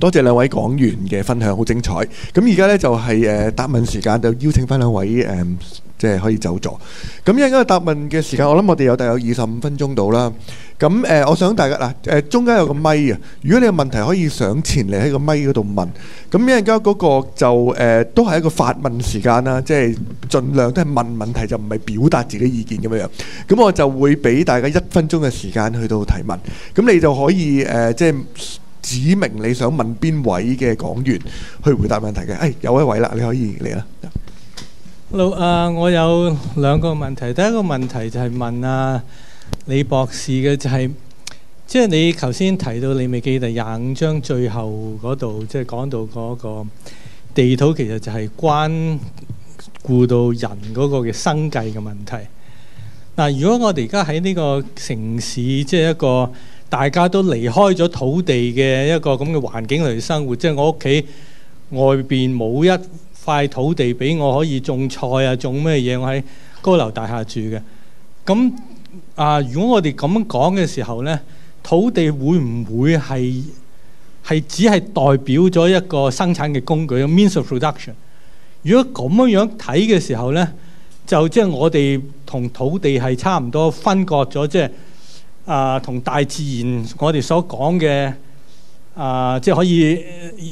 多謝兩位講員嘅分享，好精彩。咁而家呢，就係、是、誒、呃、答問時間，就邀請翻兩位誒、呃，即係可以走咗。咁而家嘅答問嘅時間，我諗我哋有大概有二十五分鐘到啦。咁誒、呃，我想大家嗱誒、呃，中間有個咪啊，如果你有問題，可以上前嚟喺個咪嗰度問。咁而家嗰個就誒、呃，都係一個發問時間啦，即係盡量都係問問題，就唔係表達自己的意見咁樣。咁我就會俾大家一分鐘嘅時間去到提問。咁你就可以誒、呃，即係。指明你想問邊位嘅講員去回答問題嘅，誒、哎、有一位啦，你可以嚟啦。老誒，我有兩個問題，第一個問題就係問啊李博士嘅、就是，就係即係你頭先提到你未記得廿五章最後嗰度，即、就、係、是、講到嗰個地土，其實就係關顧到人嗰個嘅生計嘅問題。嗱，如果我哋而家喺呢個城市，即、就、係、是、一個。大家都離開咗土地嘅一個咁嘅環境嚟生活，即係我屋企外邊冇一塊土地俾我可以種菜啊，種咩嘢？我喺高樓大廈住嘅。咁啊，如果我哋咁樣講嘅時候呢，土地會唔會係係只係代表咗一個生產嘅工具 （means of production）？如果咁樣樣睇嘅時候呢，就即係我哋同土地係差唔多分割咗，即係。啊，同大自然我哋所講嘅啊，即係可以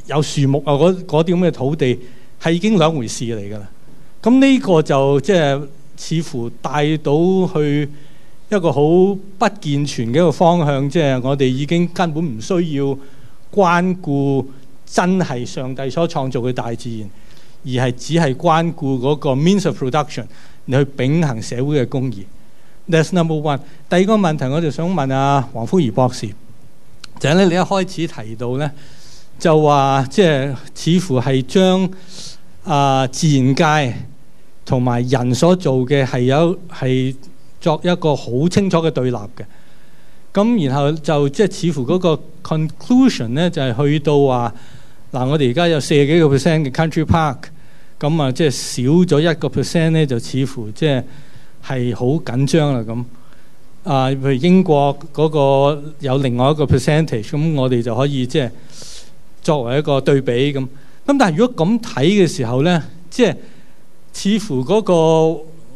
有樹木啊，嗰啲咁嘅土地係已經兩回事嚟㗎啦。咁呢個就即係似乎帶到去一個好不健全嘅一個方向，即係我哋已經根本唔需要關顧真係上帝所創造嘅大自然，而係只係關顧嗰個 means of production，你去秉行社會嘅公義。That's、number one。第二個問題，我就想問啊，王福義博士，就係、是、咧，你一開始提到咧，就話即係似乎係將啊、呃、自然界同埋人所做嘅係有係作一個好清楚嘅對立嘅。咁然後就即係、就是、似乎嗰個 conclusion 咧，就係、是、去到話嗱、呃，我哋而家有四十幾個 percent 嘅 country park，咁啊即係少咗一個 percent 咧，就似乎即、就、係、是。係好緊張啦咁，啊，譬如英國嗰個有另外一個 percentage，咁我哋就可以即係作為一個對比咁。咁但係如果咁睇嘅時候咧，即係似乎嗰個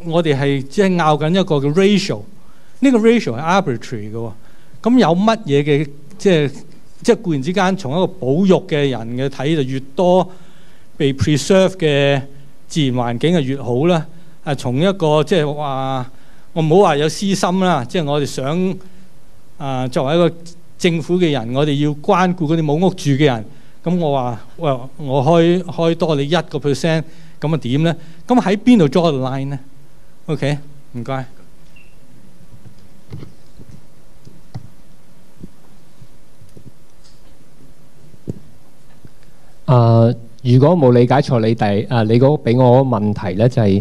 我哋係即係拗緊一個嘅 ratio 呢個 ratio 係 arbitrary 嘅喎。咁有乜嘢嘅即係即係固然之間從一個保育嘅人嘅睇，就越多被 preserve 嘅自然環境係越好啦。啊！從一個即係話，我唔好話有私心啦。即係我哋想啊，作為一個政府嘅人，我哋要關顧嗰啲冇屋住嘅人。咁我話喂，我開開多你一個 percent，咁啊點咧？咁喺邊度 draw line 咧？OK，唔該。啊，如果冇理解錯你哋啊，你嗰個俾我個問題咧，就係。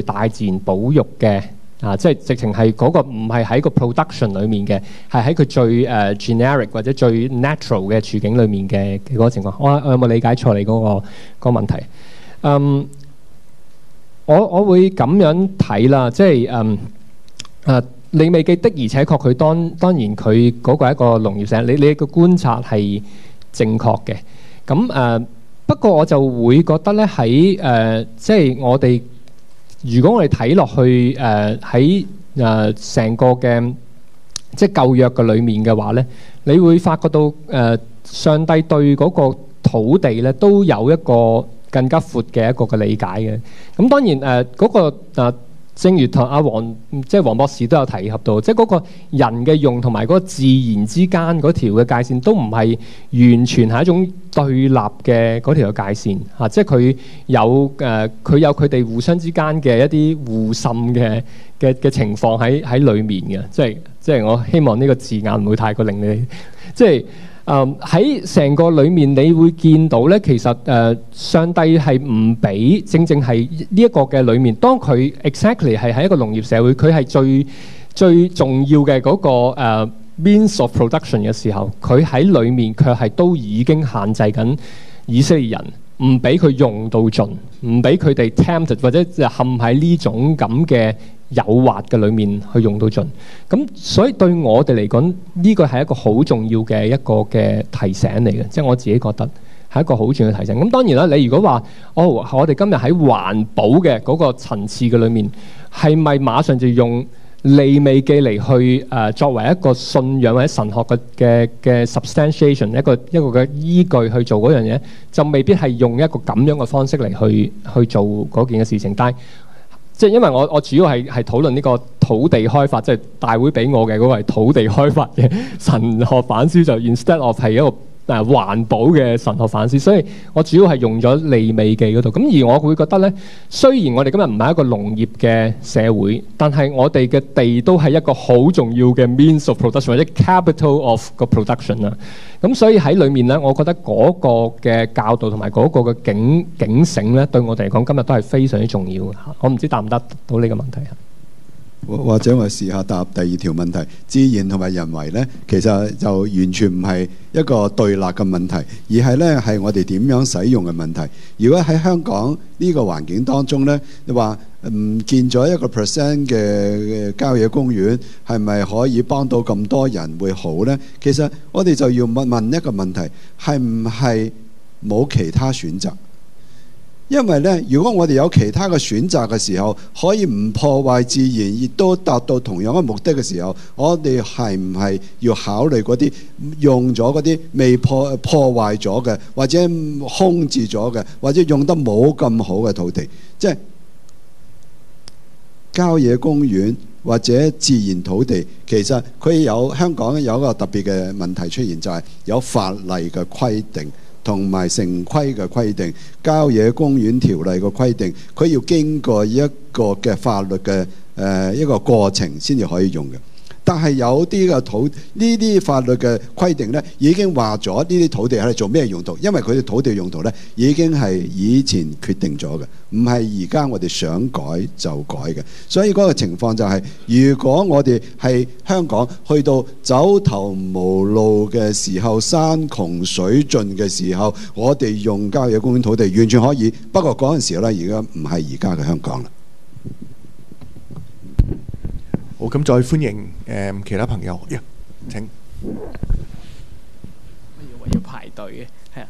大自然保育嘅啊，即係直情係嗰個唔係喺個 production 裏面嘅，係喺佢最誒、uh, generic 或者最 natural 嘅處境裏面嘅嗰個情況。我我有冇理解錯你嗰個嗰、嗰個問題？嗯、um,，我我會咁樣睇啦，即係嗯啊，你、um, 未、uh, 記得的，的，的，而且確佢當當然佢嗰個係一個農業社。你你個觀察係正確嘅咁誒，不過我就會覺得咧喺誒，uh, 即係我哋。如果我哋睇落去，誒喺誒成個嘅即係舊約嘅裏面嘅話咧，你會發覺到誒上帝對嗰個土地咧都有一個更加闊嘅一個嘅理解嘅。咁當然誒嗰個誒。正如同阿王即係王博士都有提及到，即係嗰個人嘅用同埋嗰個自然之間嗰條嘅界線，都唔係完全係一種對立嘅嗰條嘅界線嚇、啊。即係佢有誒，佢、呃、有佢哋互相之間嘅一啲互滲嘅嘅嘅情況喺喺裡面嘅。即係即係我希望呢個字眼唔會太過令你即係。誒喺成個裏面，你會見到咧。其實誒上帝係唔俾正正係呢一個嘅裏面。當佢 exactly 係喺一個農業社會，佢係最最重要嘅嗰個誒 means of production 嘅時候，佢喺裏面卻係都已經限制緊以色列人，唔俾佢用到盡，唔俾佢哋 tempted 或者就陷喺呢種咁嘅。誘惑嘅裏面去用到盡，咁所以對我哋嚟講，呢個係一個好重要嘅一個嘅提醒嚟嘅，即係我自己覺得係一個好重要嘅提醒。咁當然啦，你如果話哦，我哋今日喺環保嘅嗰個層次嘅裏面，係咪馬上就用利未記嚟去誒作為一個信仰或者神學嘅嘅嘅 substantiation 一個一個嘅依據去做嗰樣嘢，就未必係用一個咁樣嘅方式嚟去去做嗰件嘅事情，但係。即係因為我我主要係討論呢個土地開發，即係大會俾我嘅嗰個係土地開發嘅神學反思就 instead of 係一個。環保嘅神學反思，所以我主要係用咗利未記嗰度。咁而我會覺得呢，雖然我哋今日唔係一個農業嘅社會，但係我哋嘅地都係一個好重要嘅 means of production 或者 capital of production。咁所以喺裏面呢，我覺得嗰個嘅教導同埋嗰個嘅警警醒呢對我哋嚟講今日都係非常之重要嘅。我唔知答唔答到呢個問題啊？或者我試下答第二條問題，自然同埋人為呢，其實就完全唔係一個對立嘅問題，而係呢係我哋點樣使用嘅問題。如果喺香港呢個環境當中呢，你話唔見咗一個 percent 嘅郊野公園，係咪可以幫到咁多人會好呢？其實我哋就要問問一個問題，係唔係冇其他選擇？因為呢，如果我哋有其他嘅選擇嘅時候，可以唔破壞自然，亦都達到同樣嘅目的嘅時候，我哋係唔係要考慮嗰啲用咗嗰啲未破破壞咗嘅，或者空置咗嘅，或者用得冇咁好嘅土地，即郊野公園或者自然土地，其實佢有香港有一個特別嘅問題出現，就係有法例嘅規定。同埋城規嘅規定、郊野公園條例嘅規定，佢要經過一個嘅法律嘅誒一個過程先至可以用嘅。但係有啲嘅土，呢啲法律嘅規定呢已經話咗呢啲土地喺度做咩用途，因為佢哋土地用途呢已經係以前決定咗嘅，唔係而家我哋想改就改嘅。所以嗰個情況就係，如果我哋係香港去到走投無路嘅時候、山窮水盡嘅時候，我哋用郊野公園土地完全可以。不過嗰陣時候呢，而家唔係而家嘅香港。好，咁再歡迎誒其他朋友，呀、yeah，請。要排隊嘅，係啊。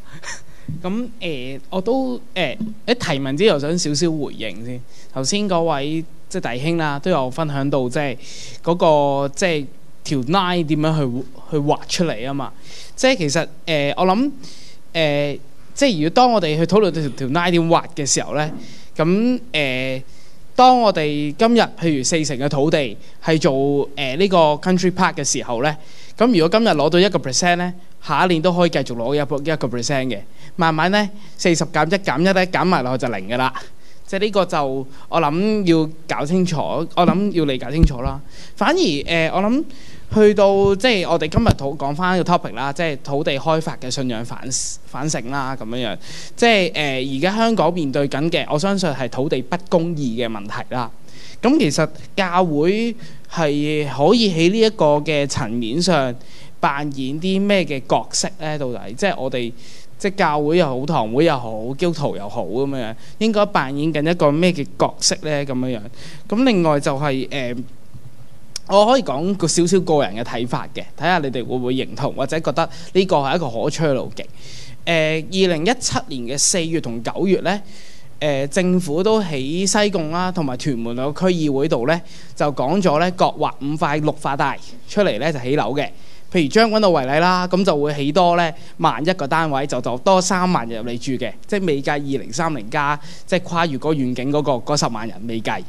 咁誒、欸，我都誒喺、欸、提問之後想少少回應先。頭先嗰位即係弟兄啦，都有分享到即係嗰、那個即係條 l i n 點樣去去畫出嚟啊嘛。即係其實誒、欸，我諗誒、欸，即係如果當我哋去討論到條條 l i 點畫嘅時候咧，咁誒。欸當我哋今日譬如四成嘅土地係做誒呢個 country park 嘅時候咧，咁如果今日攞到一個 percent 咧，下一年都可以繼續攞一一個 percent 嘅，慢慢咧四十減一減一咧減埋落去就零㗎啦。即係呢個就我諗要搞清楚，我諗要理解清楚啦。反而誒，我諗。去到即係我哋今日討講翻個 topic 啦，即係土地開發嘅信仰反反省啦咁樣樣。即係誒，而家香港面對緊嘅，我相信係土地不公義嘅問題啦。咁其實教會係可以喺呢一個嘅層面上扮演啲咩嘅角色咧？到底即係我哋即係教會又好，堂會又好，基督徒又好咁樣樣，應該扮演緊一個咩嘅角色咧？咁樣樣。咁另外就係誒。我可以講個少少個人嘅睇法嘅，睇下你哋會唔會認同或者覺得呢個係一個可取嘅路徑。誒，二零一七年嘅四月同九月呢，呃，政府都喺西貢啦同埋屯門個區議會度呢，就講咗呢各劃五塊綠化帶出嚟呢就起樓嘅。譬如將軍澳為例啦，咁就會起多咧萬一個單位，就就多三萬人入嚟住嘅，即係未計二零三零加，即係跨越個遠景嗰、嗰個嗰十萬人未計。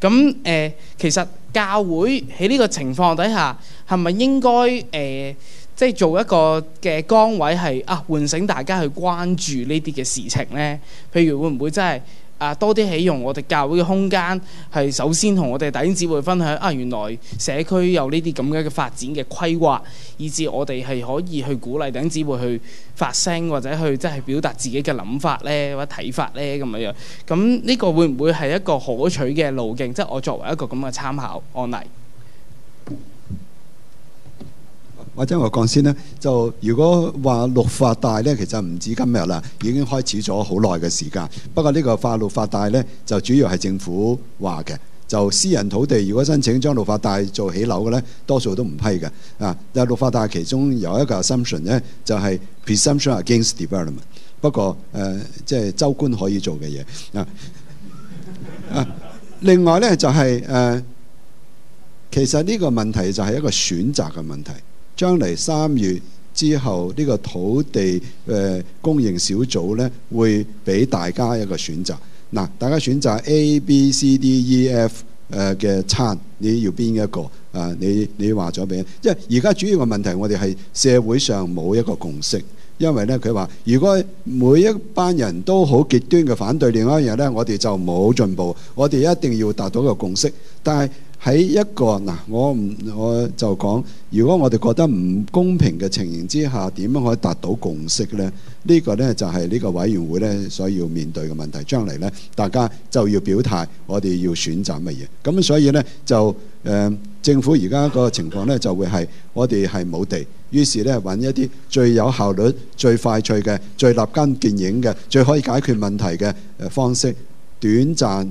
咁、呃、其實教會喺呢個情況底下，係咪應該、呃、即係做一個嘅崗位係啊，喚醒大家去關注呢啲嘅事情咧？譬如會唔會真係？啊，多啲起用我哋教會嘅空間，係首先同我哋弟兄姊妹分享啊，原來社區有呢啲咁樣嘅發展嘅規劃，以至我哋係可以去鼓勵弟兄姊妹去發聲或者去即係表達自己嘅諗法咧，或者睇法咧咁樣。咁呢個會唔會係一個可取嘅路徑？即係我作為一個咁嘅參考案例。或者我話講先咧，就如果話綠化帶呢，其實唔止今日啦，已經開始咗好耐嘅時間。不過呢個發綠化帶呢，就主要係政府話嘅。就私人土地如果申請將綠化帶做起樓嘅呢，多數都唔批嘅啊。但綠化帶其中有一個 assumption 呢、呃，就係 presumption against development。不過誒，即係州官可以做嘅嘢啊， 啊。另外呢，就係、是、誒、啊，其實呢個問題就係一個選擇嘅問題。將嚟三月之後，呢個土地誒供應小組咧，會俾大家一個選擇。嗱，大家選擇 A、B、C、D、E、F 誒嘅餐，你要邊一個啊？你你話咗俾，因為而家主要嘅問題，我哋係社會上冇一個共識。因為呢，佢話如果每一班人都好極端嘅反對另外一樣嘢，呢我哋就冇進步。我哋一定要達到一個共識，但係。喺一個嗱，我唔我就講，如果我哋覺得唔公平嘅情形之下，點樣可以達到共識呢？呢、呢個呢，就係呢個委員會呢所要面對嘅問題。將嚟呢，大家就要表態，我哋要選擇乜嘢。咁所以呢，就誒、呃，政府而家個情況呢，就會係我哋係冇地，於是呢，揾一啲最有效率、最快脆嘅、最立竿見影嘅、最可以解決問題嘅誒方式，短暫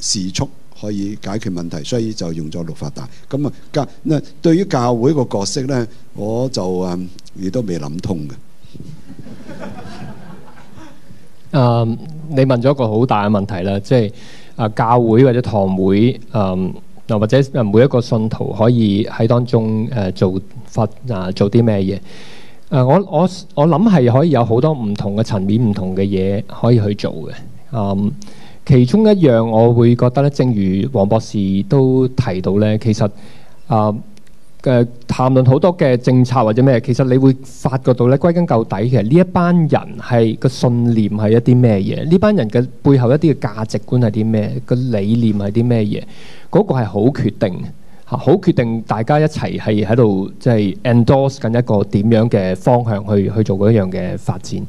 時速。可以解決問題，所以就用咗六法大。咁啊教那對於教會個角色呢，我就啊亦、嗯、都未諗通嘅。誒、 um，你問咗一個好大嘅問題啦，即係啊，教會或者堂會，誒、啊、嗱，或者每一個信徒可以喺當中誒做法，啊做啲咩嘢？誒、啊，我我我諗係可以有好多唔同嘅層面、唔同嘅嘢可以去做嘅。嗯、啊。其中一樣，我會覺得咧，正如王博士都提到咧，其實啊嘅談論好多嘅政策或者咩，其實你會發覺到咧，歸根究底，其實呢一班人係個信念係一啲咩嘢？呢班人嘅背後一啲嘅價值觀係啲咩？個理念係啲咩嘢？嗰個係好決定。嚇，好決定大家一齊係喺度，即係 endorse 緊一個點樣嘅方向去去做嗰一樣嘅發展。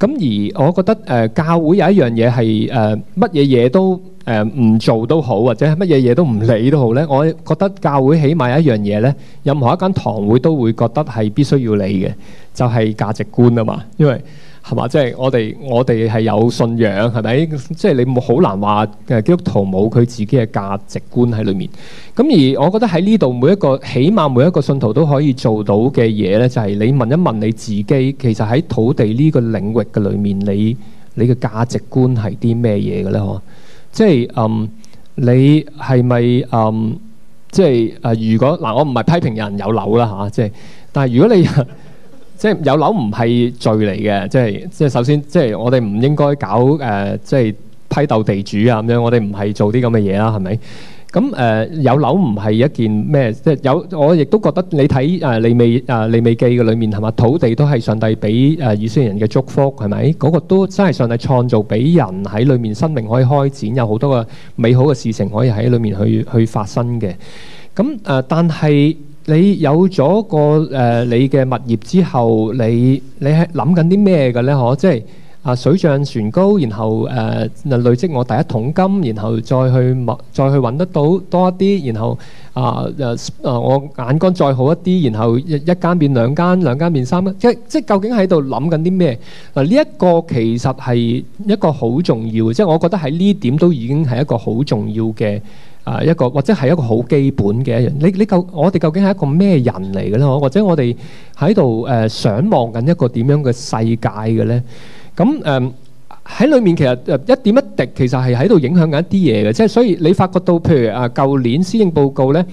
咁而我覺得誒教會有一樣嘢係誒乜嘢嘢都誒唔做都好，或者係乜嘢嘢都唔理都好咧。我覺得教會起碼有一樣嘢咧，任何一間堂會都會覺得係必須要理嘅，就係價值觀啊嘛，因為。係嘛？即係我哋我哋係有信仰，係咪？即係你好難話誒基督徒冇佢自己嘅價值觀喺裡面。咁而我覺得喺呢度每一個，起碼每一個信徒都可以做到嘅嘢呢，就係你問一問你自己，其實喺土地呢個領域嘅裡面，你你嘅價值觀係啲咩嘢嘅呢？呵，即係嗯，你係咪嗯？即係啊！如果嗱，我唔係批評有人有樓啦吓，即係，但係如果你。 即係有樓唔係罪嚟嘅，即係即係首先，即係我哋唔應該搞誒，即係批鬥地主啊咁樣，我哋唔係做啲咁嘅嘢啦，係咪？咁誒有樓唔係一件咩？即係有我亦都覺得你睇誒利未誒利未記嘅裏面係嘛，土地都係上帝俾誒以色列人嘅祝福係咪？嗰個都真係上帝創造俾人喺裏面，生命可以開展，有好多個美好嘅事情可以喺裏面去去發生嘅。咁誒，但係。你有咗個誒，你嘅物業之後，你你係諗緊啲咩嘅咧？可即係啊，水漲船高，然後誒，累積我第一桶金，然後再去物，再去搵得到多一啲，然後啊，誒啊，我眼光再好一啲，然後一間變兩間，兩間變三間，即即究竟喺度諗緊啲咩？嗱，呢一個其實係一個好重要嘅，即係我覺得喺呢點都已經係一個好重要嘅。啊，一個或者係一個好基本嘅一樣。你你究我哋究竟係一個咩人嚟嘅咧？或者我哋喺度誒想望緊一個點樣嘅世界嘅咧？咁誒喺裏面其實一點一滴其實係喺度影響緊一啲嘢嘅。即係所以你發覺到，譬如啊，舊年施政報告咧，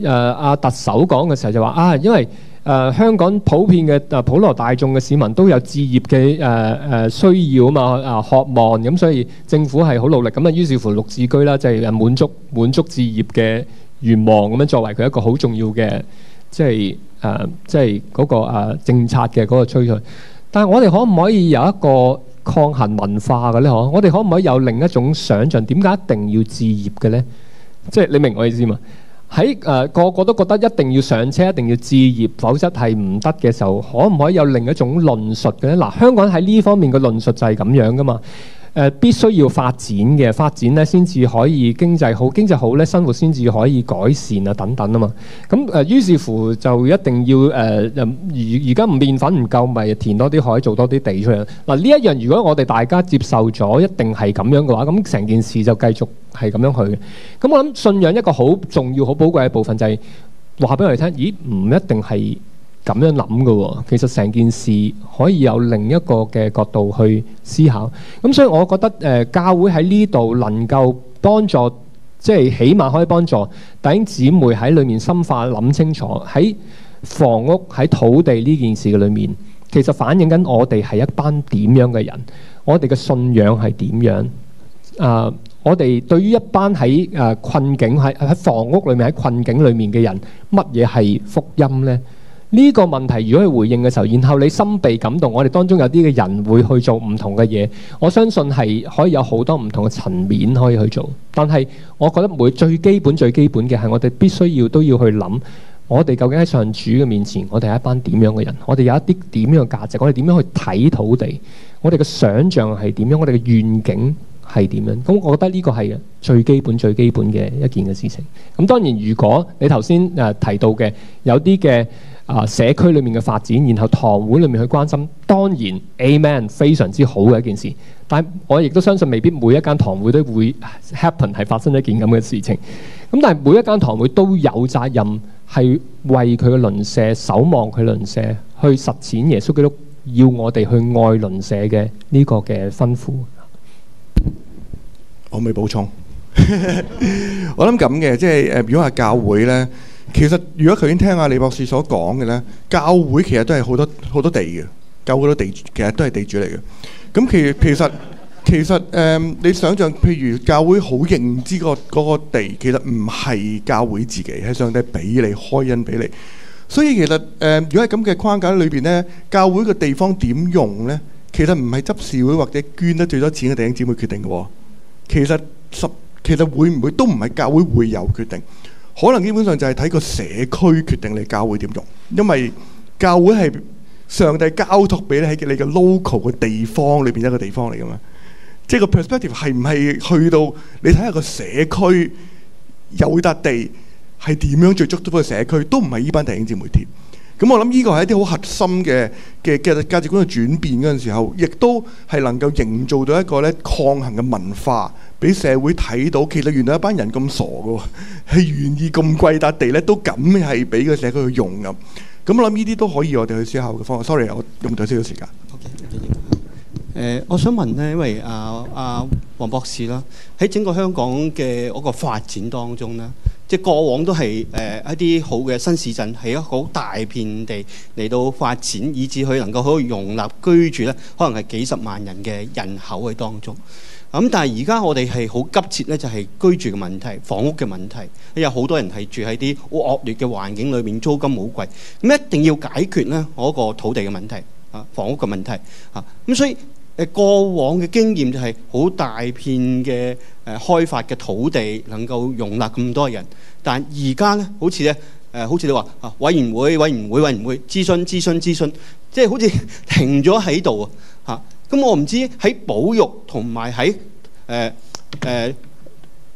誒阿特首講嘅時候就話啊，因為。誒香港普遍嘅普羅大眾嘅市民都有置業嘅誒誒需要啊嘛啊渴望咁，所以政府係好努力咁啊。於是乎，綠置居啦，就係誒滿足滿足置業嘅願望咁樣作為佢一個好重要嘅即係誒即係嗰個誒政策嘅嗰個趨向。但係我哋可唔可以有一個抗衡文化嘅咧？可我哋可唔可以有另一種想像？點解一定要置業嘅咧？即係你明我意思嘛？喺誒、呃、個個都覺得一定要上車，一定要置業，否則係唔得嘅時候，可唔可以有另一種論述嘅咧？嗱，香港喺呢方面嘅論述就係咁樣㗎嘛。呃、必須要發展嘅發展咧，先至可以經濟好，經濟好咧，生活先至可以改善啊，等等啊嘛。咁誒、呃，於是乎就一定要誒，而家唔麵粉唔夠，咪填多啲海，做多啲地出嚟。嗱，呢一樣如果我哋大家接受咗，一定係咁樣嘅話，咁成件事就繼續係咁樣去。咁我諗信仰一個好重要、好寶貴嘅部分，就係話俾我哋聽，咦？唔一定係。咁樣諗嘅喎，其實成件事可以有另一個嘅角度去思考。咁所以，我覺得誒，教會喺呢度能夠幫助，即係起碼可以幫助弟兄姊妹喺裡面深化，諗清楚喺房屋喺土地呢件事嘅裡面，其實反映緊我哋係一班點樣嘅人，我哋嘅信仰係點樣啊？我哋對於一班喺誒困境喺喺房屋裡面喺困境裡面嘅人，乜嘢係福音呢？呢個問題，如果去回應嘅時候，然後你心被感動，我哋當中有啲嘅人會去做唔同嘅嘢。我相信係可以有好多唔同嘅層面可以去做。但係，我覺得每最基本最基本嘅係我哋必須要都要去諗，我哋究竟喺上主嘅面前，我哋係一班點樣嘅人？我哋有一啲點樣嘅價值？我哋點樣去睇土地？我哋嘅想像係點樣？我哋嘅願景係點樣？咁，我覺得呢個係最基本最基本嘅一件嘅事情。咁當然，如果你頭先誒提到嘅有啲嘅。啊！社區裏面嘅發展，然後堂會裏面去關心，當然 Amen 非常之好嘅一件事。但係我亦都相信，未必每一間堂會都會 happen 係發生一件咁嘅事情。咁但係每一間堂會都有責任係為佢嘅鄰舍守望佢鄰舍，去實踐耶穌基督要我哋去愛鄰舍嘅呢個嘅吩咐。可唔可以補充？ 我諗咁嘅，即係誒，如果係教會呢。其實，如果頭先聽阿李博士所講嘅呢，教會其實都係好多好多地嘅，教會啲地主其實都係地主嚟嘅。咁其其實其實誒、呃，你想象譬如教會好認知個嗰個地，其實唔係教會自己，係上帝俾你開恩俾你。所以其實誒、呃，如果喺咁嘅框架裏邊呢，教會嘅地方點用呢？其實唔係執事會或者捐得最多錢嘅弟兄姊妹決定嘅。其實實其實會唔會都唔係教會會有決定。可能基本上就係睇個社區決定你教會點用，因為教會係上帝交託俾你喺你嘅 local 嘅地方裏邊一個地方嚟嘅嘛。即係個 perspective 係唔係去到你睇下個社區有笪地係點樣最足夠，個社區都唔係依班電影節媒體。咁、嗯、我諗呢個係一啲好核心嘅嘅嘅價值觀嘅轉變嗰陣時候，亦都係能夠營造到一個咧抗衡嘅文化。俾社會睇到，其實原來一班人咁傻㗎喎，係願意咁貴笪地咧，都咁係俾個社區去用咁。咁我諗呢啲都可以，我哋去思考嘅方法。Sorry，我用咗少少時間。誒、okay，我、呃、想問呢，因為阿阿王博士啦，喺整個香港嘅嗰個發展當中呢，即係過往都係誒、呃、一啲好嘅新市鎮，係一好大片地嚟到發展，以至佢能夠好容易容納居住呢，可能係幾十萬人嘅人口喺當中。咁但係而家我哋係好急切咧，就係居住嘅問題、房屋嘅問題，有好多人係住喺啲好惡劣嘅環境裏面，租金好貴，咁一定要解決咧嗰個土地嘅問題、啊房屋嘅問題，啊咁所以誒過往嘅經驗就係好大片嘅誒開發嘅土地能夠容納咁多人，但而家咧好似咧誒好似你話啊，委員會委員會委員會諮詢諮詢諮詢，即係、就是、好似停咗喺度啊嚇。咁我唔知喺保育同埋喺誒誒地誒，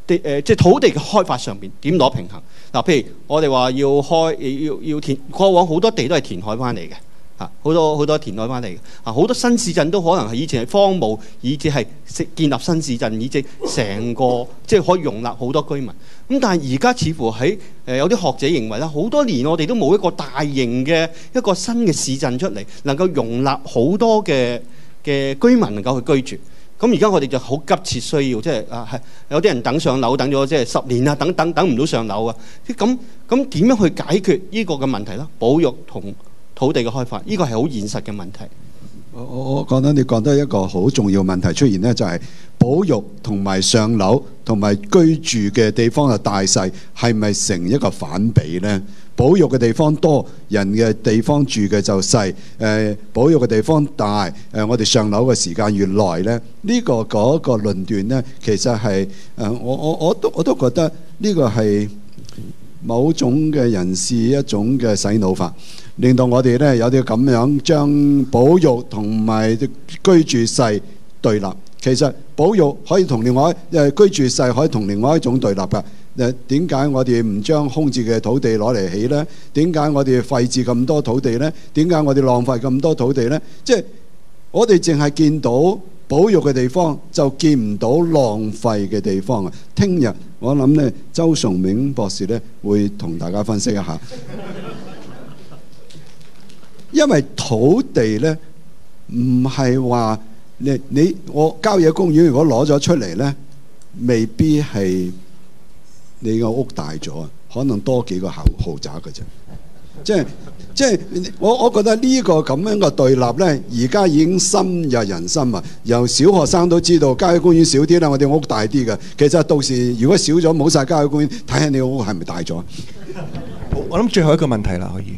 即、呃就是、土地嘅開發上邊點攞平衡嗱？譬如我哋話要開要要填，過往好多地都係填海翻嚟嘅啊，好多好多填海翻嚟嘅啊，好多新市鎮都可能係以前係荒蕪，以至係建立新市鎮，以至成個即係、就是、可以容納好多居民。咁但係而家似乎喺誒有啲學者認為咧，好多年我哋都冇一個大型嘅一個新嘅市鎮出嚟，能夠容納好多嘅，嘅居民能夠去居住，咁而家我哋就好急切需要，即係啊，有啲人等上樓等咗即係十年啊，等等等唔到上樓啊，咁咁點樣去解決呢個嘅問題呢？保育同土地嘅開發，呢個係好現實嘅問題。我我，我覺得你講得一個好重要問題出現呢，就係保育同埋上樓同埋居住嘅地方嘅大細係咪成一個反比呢？保育嘅地方多，人嘅地方住嘅就細，誒、呃、保育嘅地方大，誒、呃、我哋上樓嘅時間，越耐呢，呢、呢個嗰、嗰個論斷咧，其實係誒、呃、我我我都我都覺得呢個係某種嘅人士一種嘅洗腦法，令到我哋呢，有啲咁樣將保育同埋居住細對立。其實保育可以同另外誒居住細可以同另外一種對立噶。誒，點解我哋唔將空置嘅土地攞嚟起呢？點解我哋廢置咁多土地呢？點解我哋浪費咁多土地呢？即係我哋淨係見到保育嘅地方，就見唔到浪費嘅地方啊！聽日我諗呢，周崇明博士呢會同大家分析一下， 因為土地呢唔係話你你我郊野公園如果攞咗出嚟呢，未必係。你個屋大咗可能多幾個豪豪宅嘅啫，即係即係我我覺得呢、呢個咁樣嘅對立呢，而家已經深入人心啊！由小學生都知道郊野公園少啲啦，我哋屋大啲嘅。其實到時如果少咗冇晒郊野公園，睇下你屋係咪大咗？ 我諗最後一個問題啦，可以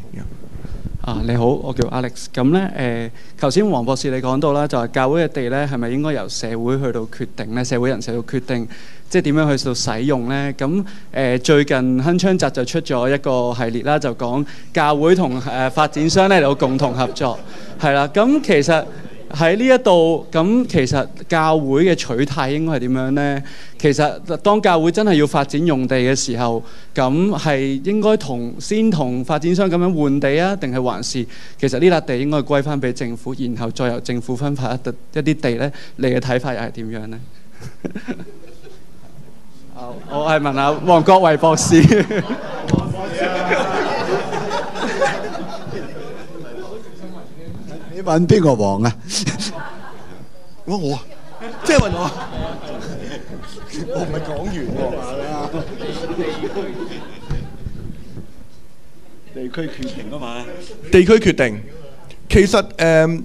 啊，你好，我叫 Alex。咁呢，誒、呃，頭先王博士你講到啦，就係、係、教會嘅地呢，係咪應該由社會去到決定呢？社會人士去到決定？即係點樣去做使用呢？咁誒、呃、最近鏗鏘集就出咗一個系列啦，就講教會同誒、呃、發展商咧有共同合作，係 啦。咁其實喺呢一度，咁其實教會嘅取態應該係點樣呢？其實當教會真係要發展用地嘅時候，咁係應該同先同發展商咁樣換地啊，定係還是，還是其實呢笪地應該歸翻俾政府，然後再由政府分發一啲一啲地呢？你嘅睇法又係點樣呢？ 我係問下黃國偉博士、啊， 你問邊個黃啊？我我、啊、即係問我、啊，我唔係講完喎，地區地區決定啊嘛，地區決定。其實誒、嗯，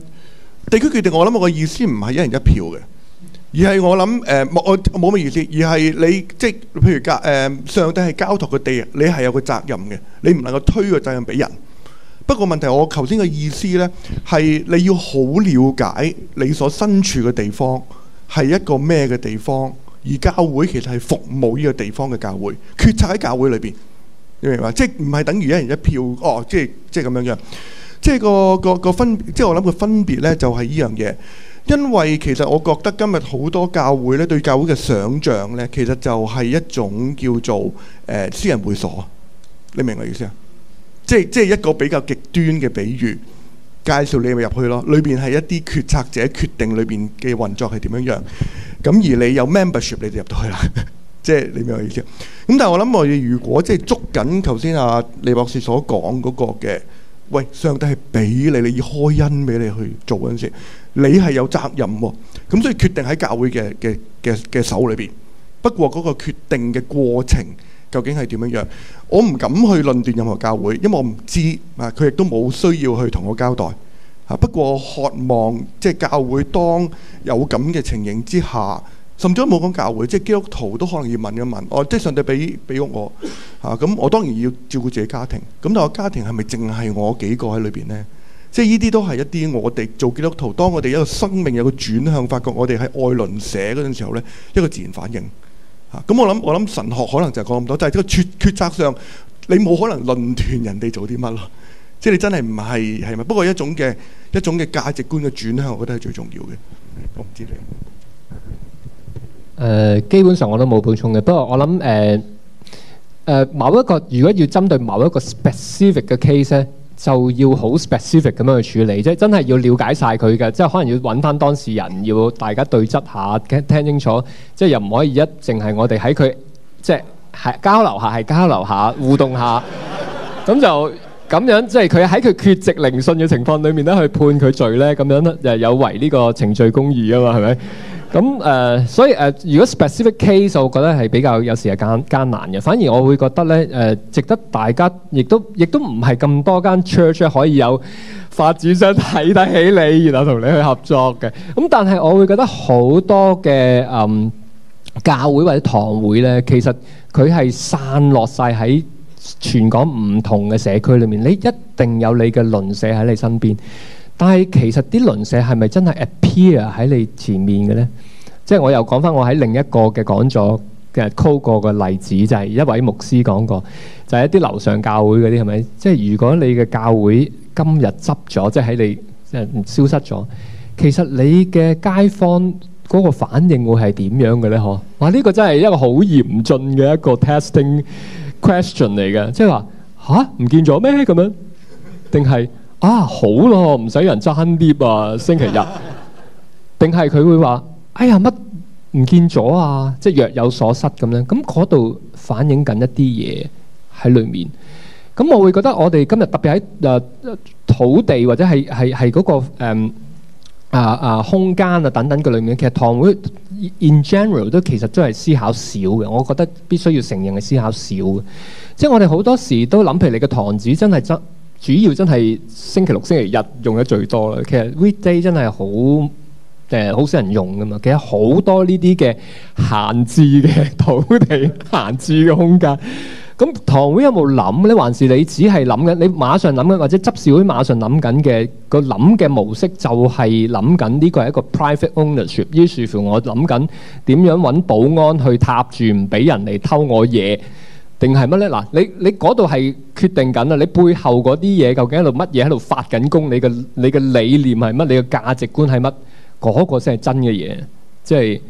地區決定，我諗我嘅意思唔係一人一票嘅。而係我諗誒，冇我冇乜意思。而係你即係譬如教誒、呃、上帝係交託個地，你係有個責任嘅，你唔能夠推個責任俾人。不過問題，我頭先嘅意思呢，係你要好了解你所身處嘅地方係一個咩嘅地方。而教會其實係服務呢個地方嘅教會，決策喺教會裏邊，你明白嗎？即係唔係等於一人一票？哦，即係即係咁樣樣。即係個個個分，即係我諗個分別呢，別就係呢樣嘢。因為其實我覺得今日好多教會咧對教會嘅想像咧，其實就係一種叫做誒、呃、私人會所，你明我意思啊？即係即係一個比較極端嘅比喻，介紹你咪入去咯。裏邊係一啲決策者決定裏邊嘅運作係點樣樣，咁而你有 membership 你就入到去啦。即係你明我意思嗎？咁但係我諗我如果即係捉緊頭先阿李博士所講嗰個嘅。喂，上帝係俾你，你要開恩俾你去做嗰陣時，你係有責任喎、啊。咁所以決定喺教會嘅嘅嘅嘅手裏邊。不過嗰個決定嘅過程究竟係點樣樣？我唔敢去論斷任何教會，因為我唔知啊。佢亦都冇需要去同我交代啊。不過我渴望即係、就是、教會當有咁嘅情形之下，甚至都冇講教會，即、就、係、是、基督徒都可能要問一問哦。即、啊、係、就是、上帝俾俾於我。啊，咁我當然要照顧自己家庭，咁但我家庭係咪淨係我幾個喺裏邊呢？即係呢啲都係一啲我哋做基督徒，當我哋一個生命有個轉向，發覺我哋喺愛鄰舍嗰陣時候呢，一個自然反應。啊，咁我諗我諗神學可能就講咁多，但係呢個決策上，你冇可能論斷人哋做啲乜咯。即係你真係唔係係咪？不過一種嘅一種嘅價值觀嘅轉向，我覺得係最重要嘅。我唔知你。誒、呃，基本上我都冇補充嘅，不過我諗誒。呃誒、呃、某一個，如果要針對某一個 specific 嘅 case 咧，就要好 specific 咁樣去處理，即係真係要了解晒佢嘅，即係可能要搵返當事人，要大家對質一下，聽聽清楚，即係又唔可以一淨係我哋喺佢即係係交流下，係交流下，互動下，咁 就咁樣，即係佢喺佢缺席聆訊嘅情況裡面咧，去判佢罪咧，咁樣咧又有違呢個程序公義啊嘛，係咪？咁誒、呃，所以誒、呃，如果 specific case，我覺得係比較有時係艱艱難嘅。反而我會覺得咧，誒、呃，值得大家亦都亦都唔係咁多間 church 可以有發展商睇得起你，然後同你去合作嘅。咁、嗯、但係我會覺得好多嘅嗯教會或者堂會咧，其實佢係散落晒喺全港唔同嘅社區裏面。你一定有你嘅鄰舍喺你身邊。但係其實啲鄰舍係咪真係 appear 喺你前面嘅咧？即係我又講翻我喺另一個嘅講座嘅溝過嘅例子，就係、是、一位牧師講過，就係、是、一啲樓上教會嗰啲係咪？即係如果你嘅教會今日執咗，即係喺你即係消失咗，其實你嘅街坊嗰個反應會係點樣嘅咧？呵、啊，哇！呢個真係一個好嚴峻嘅一個 testing question 嚟嘅，即係話吓？唔見咗咩咁樣，定係？啊，好咯，唔使人爭啲啊。星期日。定係佢會話：哎呀，乜唔見咗啊？即、係、若有所失咁樣。咁嗰度反映緊一啲嘢喺裏面。咁我會覺得我哋今日特別喺、啊、土地或者係嗰、嗰個、嗯、啊啊空間啊等等嘅裏面，其實堂會 in general 都其實都係思考少嘅。我覺得必須要承認係思考少嘅。即係我哋好多時都諗，譬如你嘅堂子真係主要真係星期六、星期日用得最多啦。其實 weekday 真係好誒，好少人用噶嘛。其實好多呢啲嘅閒置嘅土地、閒置嘅空間。咁堂會有冇諗咧？還是你只係諗嘅，你馬上諗緊，或者執事會馬上諗緊嘅個諗嘅模式就係諗緊呢個係一個 private ownership。於是乎，我諗緊點樣揾保安去踏住唔俾人嚟偷我嘢。定係乜呢？嗱，你你嗰度係決定緊啦。你背後嗰啲嘢究竟喺度乜嘢喺度發緊功？你嘅你嘅理念係乜？你嘅價值觀係乜？嗰個先係真嘅嘢。即係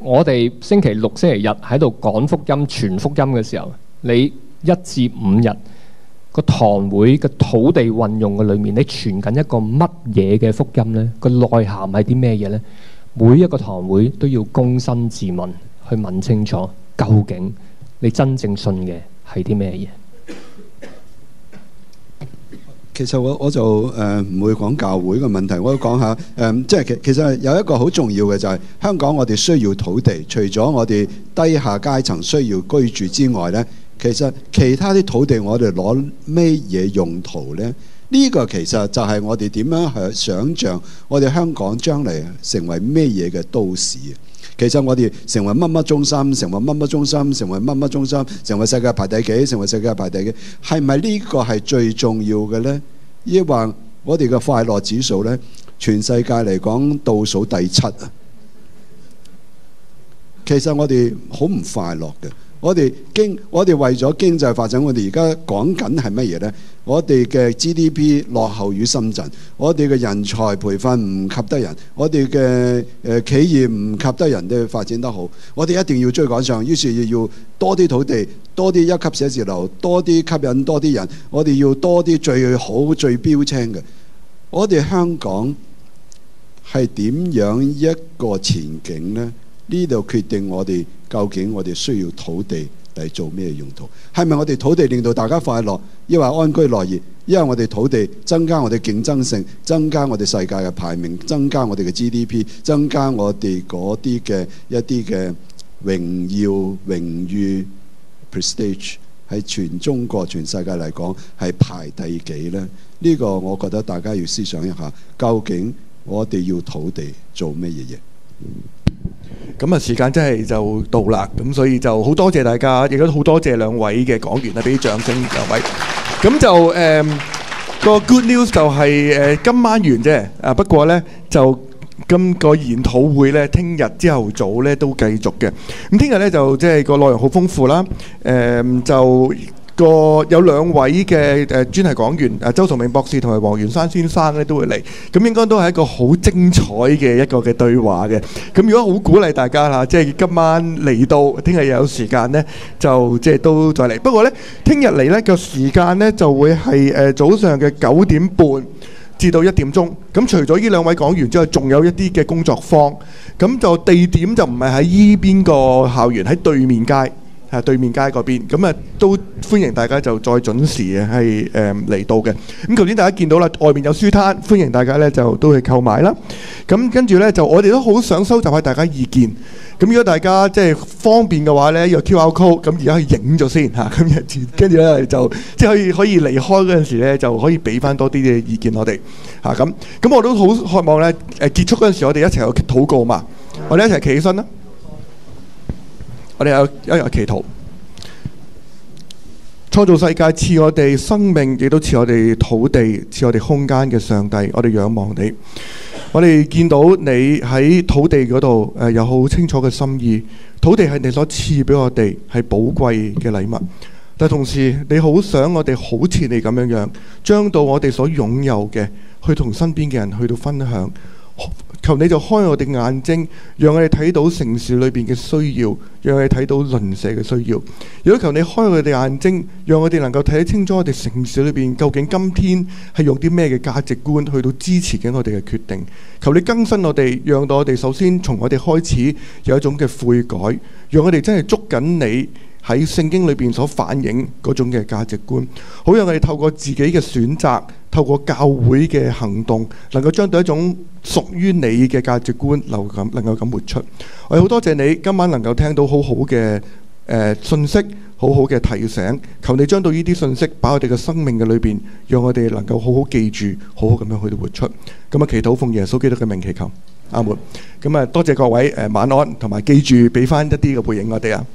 我哋星期六、星期日喺度講福音、傳福音嘅時候，你一至五日個堂會嘅土地運用嘅裏面，你傳緊一個乜嘢嘅福音呢？個內涵係啲咩嘢呢？每一個堂會都要躬身自問，去問清楚究竟。你真正信嘅係啲咩嘢？其實我我就誒唔、呃、會講教會嘅問題，我講下誒、呃，即係其其實有一個好重要嘅就係、是、香港我哋需要土地，除咗我哋低下階層需要居住之外咧，其實其他啲土地我哋攞咩嘢用途咧？呢、這個其實就係我哋點樣去想像我哋香港將嚟成為咩嘢嘅都市。其實我哋成為乜乜中心，成為乜乜中心，成為乜乜中心，成為世界排第幾，成為世界排第幾，係咪呢個係最重要嘅咧？抑或我哋嘅快樂指數咧，全世界嚟講倒數第七啊！其實我哋好唔快樂嘅。我哋經我哋為咗經濟發展，我哋而家講緊係乜嘢呢？我哋嘅 GDP 落後於深圳，我哋嘅人才培訓唔及得人，我哋嘅誒企業唔及得人哋發展得好，我哋一定要追趕上。於是要多啲土地，多啲一級寫字樓，多啲吸引多啲人。我哋要多啲最好最標青嘅。我哋香港係點樣一個前景呢？呢度決定我哋。究竟我哋需要土地嚟做咩用途？係咪我哋土地令到大家快樂，抑或安居樂業？因為我哋土地增加我哋競爭性，增加我哋世界嘅排名，增加我哋嘅 GDP，增加我哋嗰啲嘅一啲嘅榮耀、榮譽、prestige，喺全中國、全世界嚟講係排第幾呢？呢個我覺得大家要思想一下，究竟我哋要土地做咩嘢嘢？咁啊，時間真係就到啦，咁所以就好多謝大家，亦都好多謝兩位嘅講員啊，俾啲掌聲啊，位。咁就誒、嗯，那個 good news 就係、是、誒、呃、今晚完啫，啊不過呢，就今、那個研討會呢，聽日朝頭早呢都繼續嘅。咁聽日呢，就即係、就是那個內容好豐富啦，誒、嗯、就。個有兩位嘅誒專題講員，誒周崇明博士同埋黃元山先生呢都會嚟，咁應該都係一個好精彩嘅一個嘅對話嘅。咁如果好鼓勵大家喇，即係今晚嚟到，聽日有時間呢，就即係都再嚟。不過呢，聽日嚟呢個時間呢就會係誒早上嘅九點半至到一點鐘。咁除咗呢兩位講員之外，仲有一啲嘅工作坊。咁就地點就唔係喺呢邊個校園，喺對面街。係、啊、對面街嗰邊，咁啊都歡迎大家就再準時啊係嚟到嘅。咁頭先大家見到啦，外面有書攤，歡迎大家呢就都去購買啦。咁跟住呢，就我哋都好想收集下大家意見。咁如果大家即係方便嘅話呢，有 Q R code，咁而家去影咗先嚇。咁、啊、跟住呢，就即係可以可以離開嗰陣時咧，就可以俾翻多啲嘅意見我哋嚇。咁、啊、咁我都好渴望呢，誒結束嗰陣時，我哋一齊去禱告嘛。我哋一齊企起身啦。我哋有一日祈禱，創造世界賜我哋生命，亦都賜我哋土地，賜我哋空間嘅上帝。我哋仰望你，我哋見到你喺土地嗰度，誒，有好清楚嘅心意。土地係你所賜俾我哋，係寶貴嘅禮物。但同時，你好想我哋好似你咁樣樣，將到我哋所擁有嘅，去同身邊嘅人去到分享。求你就開我哋眼睛，讓我哋睇到城市裏邊嘅需要，讓我哋睇到鄰舍嘅需要。如果求你開我哋眼睛，讓我哋能夠睇得清楚我哋城市裏邊究竟今天係用啲咩嘅價值觀去到支持緊我哋嘅決定。求你更新我哋，讓到我哋首先從我哋開始有一種嘅悔改，讓我哋真係捉緊你喺聖經裏邊所反映嗰種嘅價值觀，好讓我哋透過自己嘅選擇，透過教會嘅行動，能夠將到一種屬於你嘅價值觀，流咁能夠咁活出。我哋好多謝你今晚能夠聽到好好嘅誒信息，好好嘅提醒。求你將到呢啲信息，擺喺我哋嘅生命嘅裏邊，讓我哋能夠好好記住，好好咁樣去到活出。咁啊，祈禱奉耶穌基督嘅名祈求阿門。咁啊，多謝各位誒、呃、晚安，同埋記住俾翻一啲嘅背影我哋啊。